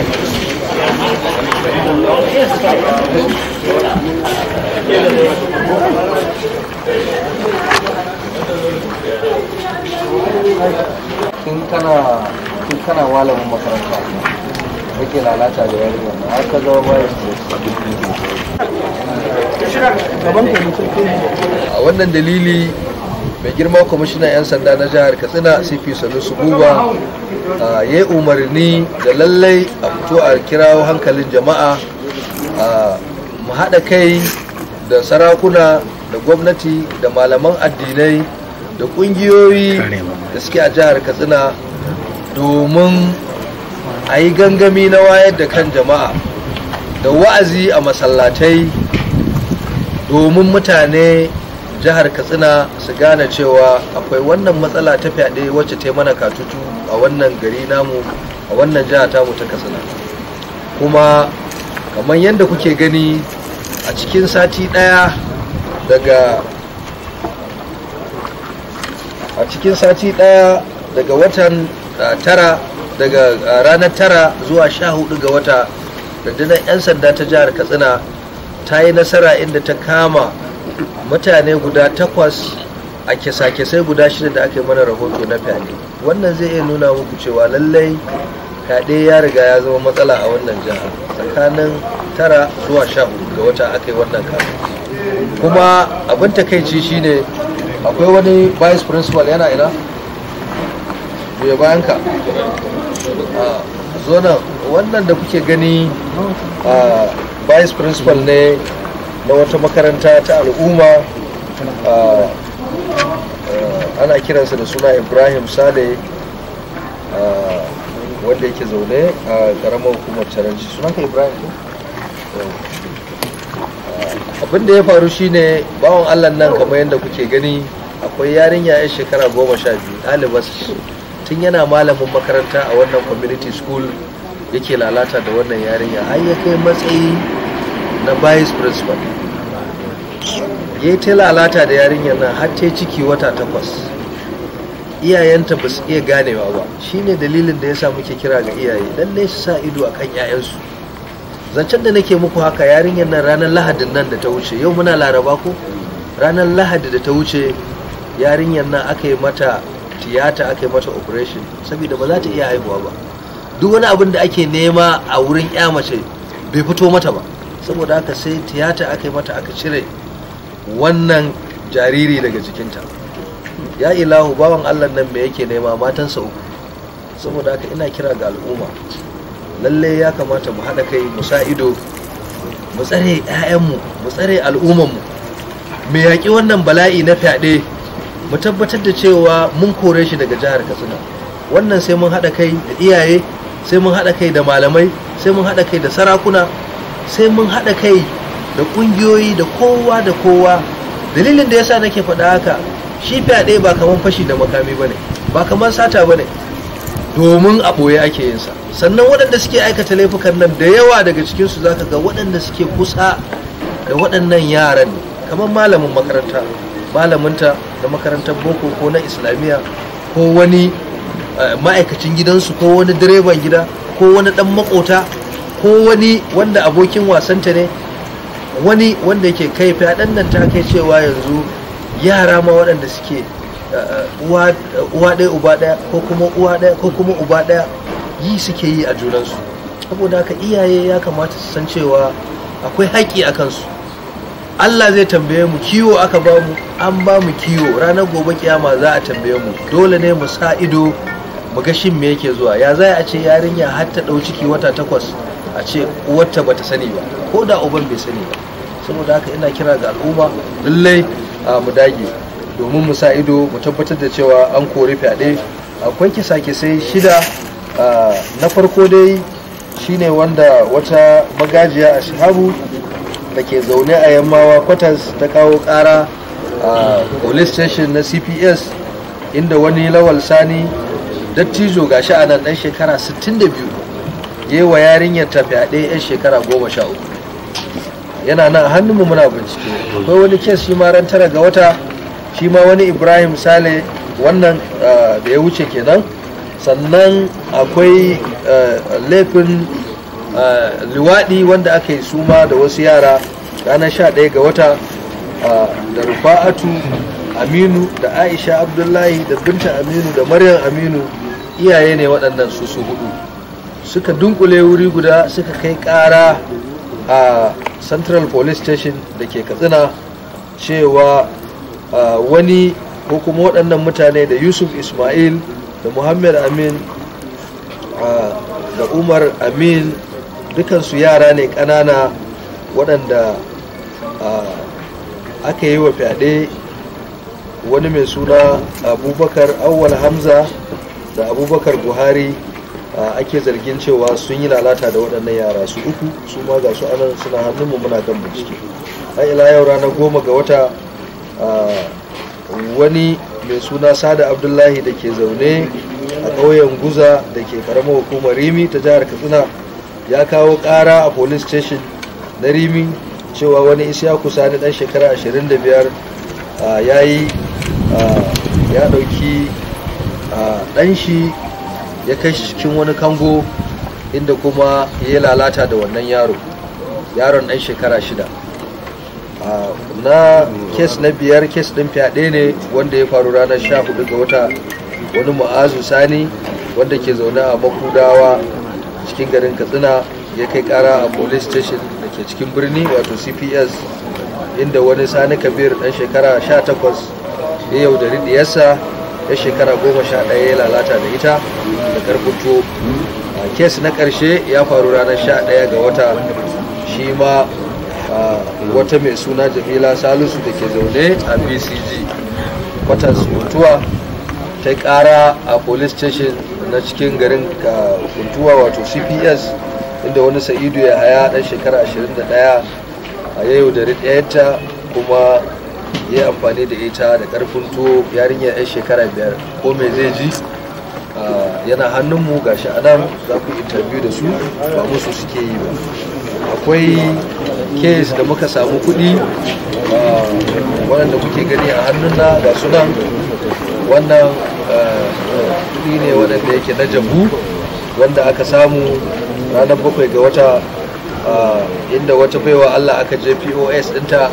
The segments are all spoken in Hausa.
Kin kana tun kana malamin makaranta kake lalata da yarinya na har ka zama bayan a wannan dalili mai girma kwamishinan 'yan sanda na jihar katsina cp Salisu buba ya yi umarni da lallai a fito a kirawo hankalin jama'a mu haɗa kai da sarakuna da gwamnati da malaman addinai da ƙungiyoyi da suke a jihar katsina domin a yi gangami na wayar da kan jama'a da wa'azi a masallatai domin mutane jihar katsina su gane cewa akwai wannan matsala ta fyaɗe wacce ta mana katutu a wannan gari namu a wannan jiha tamu ta katsina kuma kamar yadda kuke gani a cikin sati ɗaya daga a cikin sati ɗaya daga watan tara daga ranar tara zuwa sha hudu ga wata rundunar 'yan sanda ta jihar katsina ta yi nasara inda ta kama mutane guda takwas a kisa-kisai guda shida da aka yi mana rahoto na fyaɗe wannan zai iya nuna muku cewa lallai fyaɗe ya riga ya zama matsala a wannan jiha tsakanin tara zuwa sha ga wata aka yi wannan kafin kuma abin takaici shine akwai wani vice principal yana ina ya bayan ka zonan wannan da kuke gani vice principal ne na wata makaranta ta al'umma ana kiransa da suna ibrahim sale wanda yake zaune a karamar hukumar caranci ka ibrahim abin da ya faru shine bawan allah nan kamar yadda kuke gani akwai yarinya ya shekara goma sha biyu ɗalibas tun yana malamin makaranta a wannan community school yake lalata da wannan yarinya Ai ya kai matsayi na vice principal ya yi ta lalata da yarinyar nan har ta ciki wata takwas iyayenta ba su iya ganewa ba shine dalilin da ya sa muke kira ga iyaye lallai su sa ido a kan 'ya'yansu zancen da nake muku haka yarinyar nan ranar lahadin nan da ta wuce yau muna laraba ko ranar lahadi da ta wuce yarinyar nan aka yi mata tiyata aka yi mata operation saboda ba za ta iya haihuwa ba duk wani abin da ake nema a wurin ya mace bai fito mata ba saboda haka sai tiyata aka yi mata aka cire wannan jariri daga jikinta ya ilahu bawan allah nan me yake nema matansa uku saboda haka ina kira ga al'umma lalle ya kamata mu haɗa kai mu sa'ido, ido mu tsare 'ya'yanmu mu tsare al'ummanmu mu yaƙi wannan bala'i na fyaɗe mu tabbatar da cewa mun kore shi daga jihar katsina wannan sai mun haɗa kai da iyaye sai mun haɗa kai da malamai sai mun haɗa kai da sarakuna sai mun haɗa kai da ƙungiyoyi da kowa da kowa dalilin da yasa nake faɗa haka shi fyaɗe ba kamar fashi da makami ba ba kamar sata bane domin a ɓoye ake yin sa sannan waɗanda suke aikata laifukan nan da yawa daga cikin su zaka ga waɗanda suke kusa da waɗannan yaran kamar malamin makaranta malaminta da makarantar boko ko na islamiyya ko wani eh, ma'aikacin gidansu ko wani direban gida ko wani ɗan makota ko wani wanda abokin wasanta ne wani wanda yake kai fadan nan ta cewa yanzu yara ma waɗanda suke uh, uwa ɗaya uba ɗaya ko kuma uwa ɗaya ko kuma uba ɗaya yi suke yi a junansu saboda haka iyaye ya kamata su san cewa akwai haƙƙi a kansu Allah zai tambaye mu kiwo aka ba mu an ba mu kiwo ranar gobe kiyama za a tambaye mu dole ne mu sa ido mu ga shin me yake zuwa ya za a ce yarinya har ta ɗau ciki wata takwas a ce uwarta bata sani ba ko da uban bai sani ba saboda haka ina kira ga al'umma lallai mu dage domin mu sa ido mu tabbatar da cewa an kori fyaɗe akwai kisa-kisai shida na farko dai shine wanda wata magajiya a shahabu da ke zaune a yammawa kwatas ta kawo kara a police station na cps inda wani lawal sani dattijo gashi a nan dan shekara 62 yi wa yarinyar ta fyaɗe yan shekara goma sha uku yana nan a hannunmu muna bincike akwai wani kes shi ma ran tara ga wata shi ma wani ibrahim sale wannan ah, da ya wuce kenan sannan akwai ah, laifin ah, liwaɗi wanda aka yi suma da wasu yara ranar sha ɗaya ga wata da rufa'atu aminu da aisha abdullahi da binta aminu da maryam aminu iyaye ne waɗannan su su hudu suka dunkule wuri guda suka kai kara a central police station da ke katsina cewa wani ko kuma waɗannan mutane da yusuf ismail da muhammad amin da umar amin dukansu yara ne ƙanana waɗanda aka yi wa fyaɗe wani mai suna abubakar auwal hamza da abubakar buhari ake zargin cewa sun yi lalata da waɗannan yara su uku su ma ga su anan suna mu muna kan bincike a ila yau rana goma ga wata wani mai suna sada abdullahi da ke zaune a ƙauyen guza da ke karamar hukumar rimi ta jihar katsina ya kawo ƙara a police station na rimi cewa wani kusa sani ɗan shekara ashirin 25 ya yi ya ɗauki ɗan shi. ya kai shi cikin wani kango inda kuma ya lalata da wannan yaro yaron ɗan shekara shida na kes na biyar kes ɗin fyaɗe ne wanda ya faru ranar sha hudu ga wata wani ma'azu sani wanda ke zaune a makudawa cikin garin katsina ya kai kara a police station da ke cikin birni wato cps inda wani sani kabir ɗan shekara sha takwas ya yaudari diyarsa ya shekara goma sha ɗaya ya lalata da ita da karfuto kes na ƙarshe ya faru ranar sha ɗaya ga wata shi ma wata mai suna jamila salisu da ke zaune a bcg watan mutuwa ta ƙara a police station na cikin garin kuntuwa wato cps inda wani sa'idu ya haya ɗan shekara 21 a yau da ɗayanta kuma ya amfani da ita da karfin tuwo yarinya 'yan shekara biyar ko mai zai ji ah, yana hannunmu ga a za ku interview da su ba musu suke yi ba akwai case da muka samu kuɗi ah, waɗanda kuke gani a hannun na ga sunan wannan ah, kuɗi ne waɗanda yake na jabu wanda aka samu ranar bakwai ga wata inda wata baiwa allah aka je pos ɗinta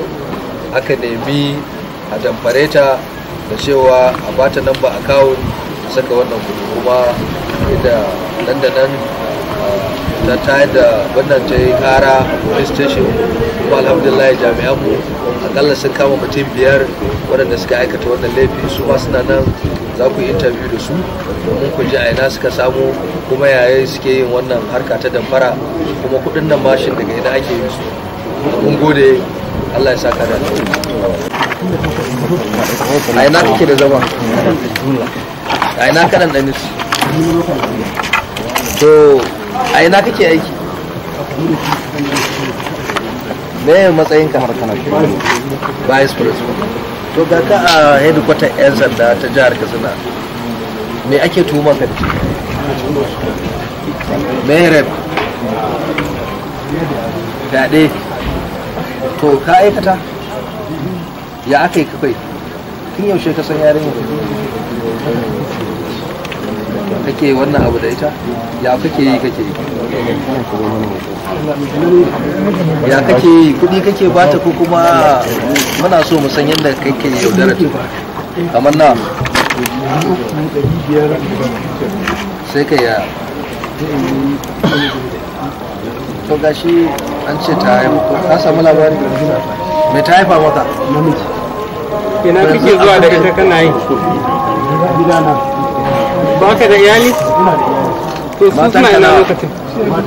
aka nemi a damfareta ta da cewa a bata namba account a saka wannan kudi kuma da nan da nan ah, ta tayar da wannan ta yi kara a police station kuma alhamdulillah mu akalla sun kama mutum biyar waɗanda suka aikata wannan laifi su ma suna nan za ku yi interview da su domin ku ji a ina suka samu kuma yaya suke yin wannan harka ta damfara kuma kuɗin nan mashin daga ina ake yin su mun gode Allah ya saka da a ina kake da zama a ina kanan da nisu to a ina kake aiki me matsayin ka har kana vice principal to ga ka a headquarter yan sanda ta jihar katsina me ake tuhumar ka da me rep daɗe to ka aikata ya aka yi kafai tun yaushe ka san yarinya kake wannan abu da ita ya kake yi kake yi ya kake yi kudi kake bata ko kuma muna so mu san yadda kake yaudara kamar na sai ka ya to gashi an ce ta ka samu labari mai ta haifa mata namiji ina kike zuwa da ita kana yi ba ka da iyali to suna ina kake zuwa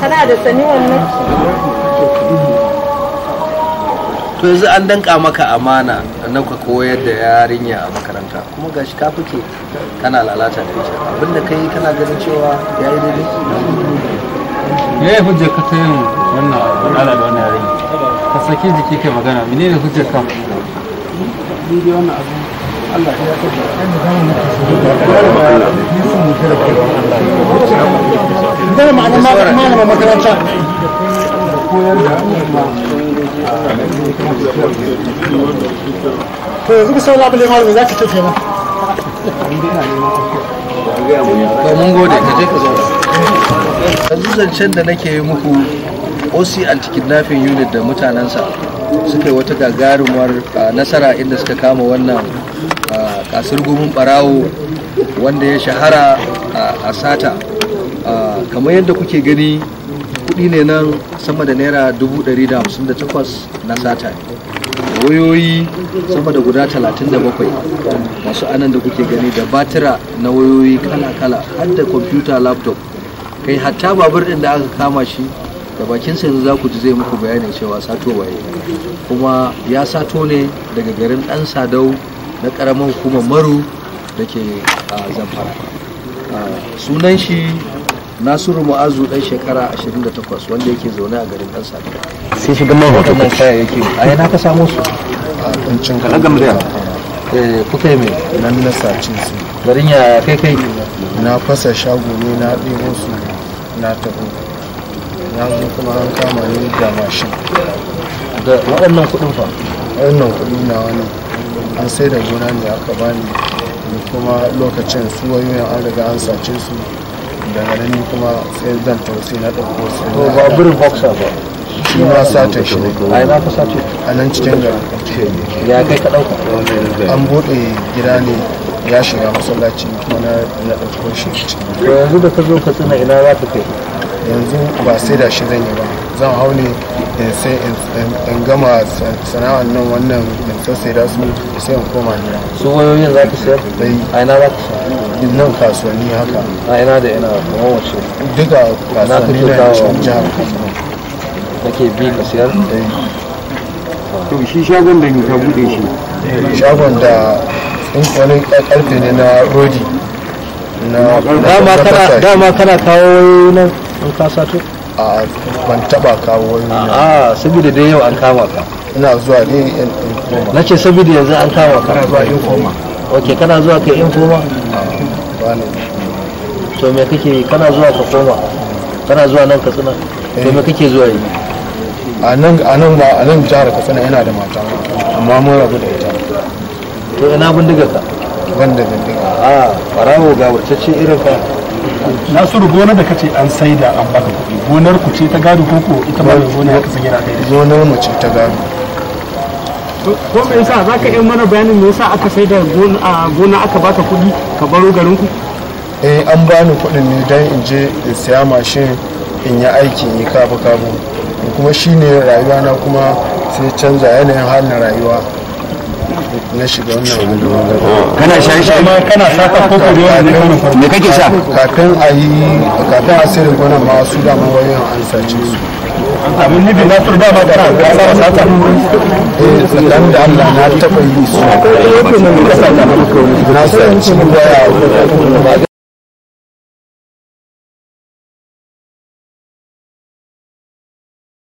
kana da sani wannan to yanzu an danka maka amana nan ka koyar da yarinya a makaranta kuma gashi ka fuke kana lalata da ita abinda kai kana ganin cewa ya yi daidai ya yi hujjar ka ta yin wannan al'ada da wannan yarinya ka saki jiki kai magana ne hujjar ka wannan abu Allah ya kafa kan da zamu Ya Allah ya kafa Ya to yanzu zancen da nake yi muku oc anti-kidnapping unit da mutanensa suka wata gagarumar nasara inda suka kama wannan kasar gumin barawo wanda ya shahara a sata kamar yadda kuke gani kuɗi ne nan sama da naira dubu ɗari na sata wayoyi sama da guda talatin da masu anan da kuke gani da batira na wayoyi kala-kala har da kwamfuta laptop kai hatta babur ɗin da aka kama shi da bakin yanzu za ku ji zai muku bayanin cewa sato waye kuma ya sato ne daga garin ɗan sadau na ƙaramin hukumar maru da ke zamfara sunan shi nasiru ma'azu dan shekara 28 wanda yake zaune a garin dan sadi sai shiga man hoto kaya yake a yana ka samu su a kancin kalan gamriya eh kuka yi mai nan na sacin su garin ya kai kai na fasa shago ne na ɗebo su na taho na zo kuma an kama ni da mashin da waɗannan kuɗin fa waɗannan kuɗi na wani an sai da gona ne aka bani kuma lokacin su wayoyin an riga an sace su daga nan kuma sai zan tausi na ɗauko sai na ba birin boxer ba shi ma sata shi ne. a ina ka sace a nan cikin garin ya kai ka ɗauka an buɗe gida ne ya shiga masallaci kuma na ɗauko shi cikin yanzu da ka zo ka tuna ina za ka kai yanzu ba sai da shi zan yi ba zan hau ne in gama sana'ar nan wannan in sassai da su sai in koma gida su wayoyin za ka sayar a ina za ka sayar duk nan kasuwanni haka a ina da ina kuma wace duka kasuwanni na yankin jihar da nake bi ka siyar eh. to shi shagon da ka bude shi eh, shagon da in wani karfe ne na rodi dama kana kawo nan in kasa to a ban taba kawo wani a saboda dai yau an kama ka ina zuwa ne in koma nace saboda yanzu an kama ka ina zuwa in koma ok kana zuwa ka in koma so mai kake kana zuwa ka koma kana zuwa nan ka tsina to mai kake zuwa yi a nan a nan ba a nan jihar katsina yana da mata amma mun rabu da ita to ina bindigar ka ban da bindiga a farawo ga wacce irin ka nasiru gona da kace an saida an baka gonar ku ce ta gado ko ko ita ma gona ka san yana kai gonar mu ce ta gado ko me yasa za ka yi mana bayanin me yasa aka sai da gona aka baka kuɗi ka baro garin ku eh an bani kuɗin ne don in je in siya mashin in yi aiki in yi kabu kabu kuma shine rayuwa na kuma sai canza yanayin halin rayuwa na shiga wannan abin kana shan shan ma kana saka koko da wani ne kake sha kafin a yi kafin a gona ma su da ma wayoyin an sace su abin nufi na turba ma da ya zama sata eh tsakanin da Allah na taɓa yi su na a cewa ba